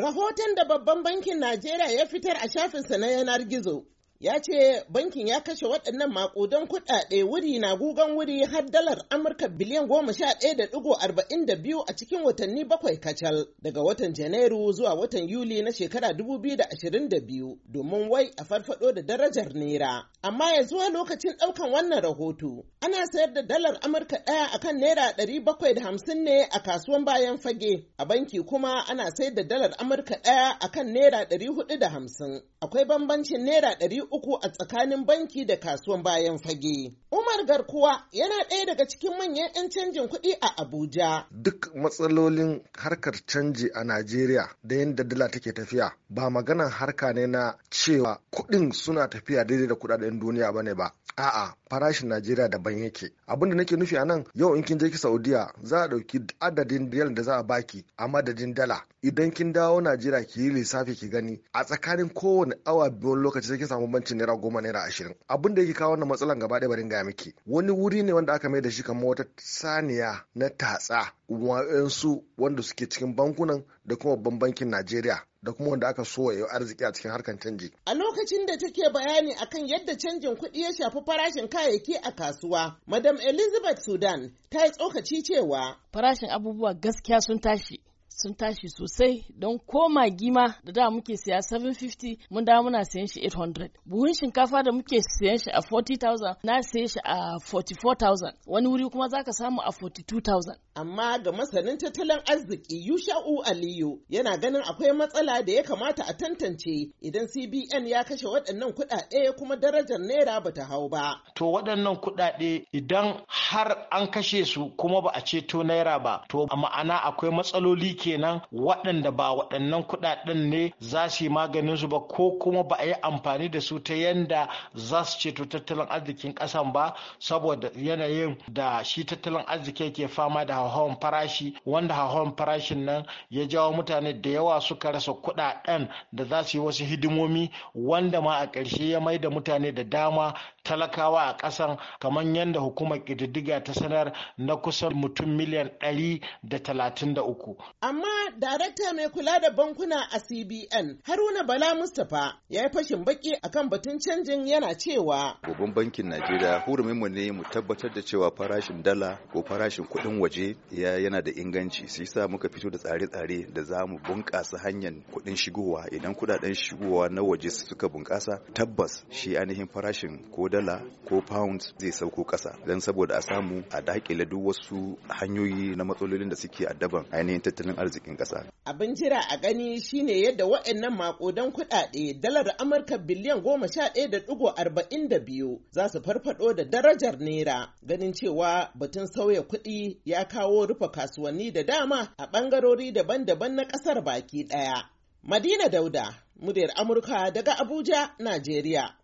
Rahoton da Babban Bankin Najeriya ya fitar a shafinsa na yanar gizo ya ce bankin ya kashe waɗannan makudan kuɗaɗe wuri na gugan wuri har dalar amurka biliyan goma sha ɗaya da ɗigo arba'in da biyu a cikin watanni bakwai kacal daga watan janairu zuwa watan yuli na shekara dubu biyu da ashirin da biyu domin wai a farfaɗo da darajar naira amma ya zuwa lokacin ɗaukan wannan rahoto ana sayar da dalar amurka ɗaya akan naira ɗari bakwai da hamsin ne a kasuwan bayan fage a banki kuma ana sayar da dalar amurka ɗaya akan naira ɗari hudu da hamsin akwai bambancin naira ɗari uku a tsakanin banki da kasuwan bayan fage. Umar Garkuwa yana ɗaya daga cikin manyan 'yan canjin kuɗi a Abuja. Duk matsalolin harkar canji a Najeriya da yadda dala take tafiya ba maganan harka ne na cewa kuɗin suna tafiya daidai da kuɗaɗen duniya ba ne ba. A'a farashin Najeriya daban yake. Abin da nake nufi anan, yau in kin je ki Saudiya za a ɗauki adadin riyal da za a baki a madadin dala. Idan kin dawo Najeriya ki yi lissafi ki gani a tsakanin kowane awa biyu lokaci sai ki samu bancin naira goma naira ashirin. Abin da yake kawo wannan matsalan gaba ɗaya barin gaya miki. yake wani wuri ne wanda aka mai da shi kamar wata saniya na tatsa wa'ansu wanda suke cikin bankunan da kuma babban bankin najeriya da kuma wanda aka so yau arziki a cikin harkar canji. A lokacin da take bayani akan yadda canjin kuɗi ya shafi farashin kayayyaki a kasuwa, Madam Elizabeth Sudan ta yi tsokaci cewa. Farashin abubuwa gaskiya sun tashi. sun tashi sosai don koma gima da da muke siya 750 mun da muna siyan shi 800 buhun shinkafa da muke siyan shi a 40000 na siya shi a 44000 wani wuri kuma zaka samu a 42000 amma ga masanin tattalin arziki Yusha'u Aliyu yana ganin akwai matsala da ya kamata a tantance idan CBN ya kashe waɗannan kuɗaɗe kuma darajar naira bata hau ba to waɗannan kuɗaɗe idan har an kashe su kuma ba a ceto naira ba to a ma'ana akwai matsaloli kenan waɗanda ba waɗannan kuɗaɗen ne za su yi maganin su ba ko kuma ba a yi amfani da su ta yanda za su ceto tattalin arzikin ƙasan ba saboda yanayin da shi tattalin arziki ke fama da hauhawar farashi wanda hauhawar farashin nan ya jawo mutane da yawa suka rasa kuɗaɗen da za su yi wasu hidimomi wanda ma a ƙarshe ya mai da mutane da dama talakawa a ƙasar kamar yadda hukumar ƙididdiga ta sanar na kusan mutum miliyan ɗari da talatin da uku. Amma darakta mai kula da bankuna a CBN Haruna Bala Mustapha ya yi fashin baki akan batun canjin yana cewa. Babban bankin Najeriya hurumin mu ne mu tabbatar da cewa farashin dala ko farashin kuɗin waje ya yana da inganci su sa muka fito da tsare-tsare da za mu bunƙasa hanyar kuɗin shigowa idan kuɗaɗen shigowa na waje suka bunƙasa tabbas shi ainihin farashin ko dala dala ko pound zai sauko kasa don saboda a samu a dakile duk wasu hanyoyi na matsalolin da suke a daban ainihin tattalin arzikin kasa. Abin jira a gani shine yadda waɗannan makodan kuɗaɗe dalar Amurka biliyan goma sha ɗaya da ɗigo arba'in da biyu za su farfaɗo da darajar naira ganin cewa batun sauya kuɗi ya kawo rufe kasuwanni da dama a ɓangarori daban-daban na ƙasar baki ɗaya. Madina Dauda, muryar Amurka daga Abuja, Najeriya.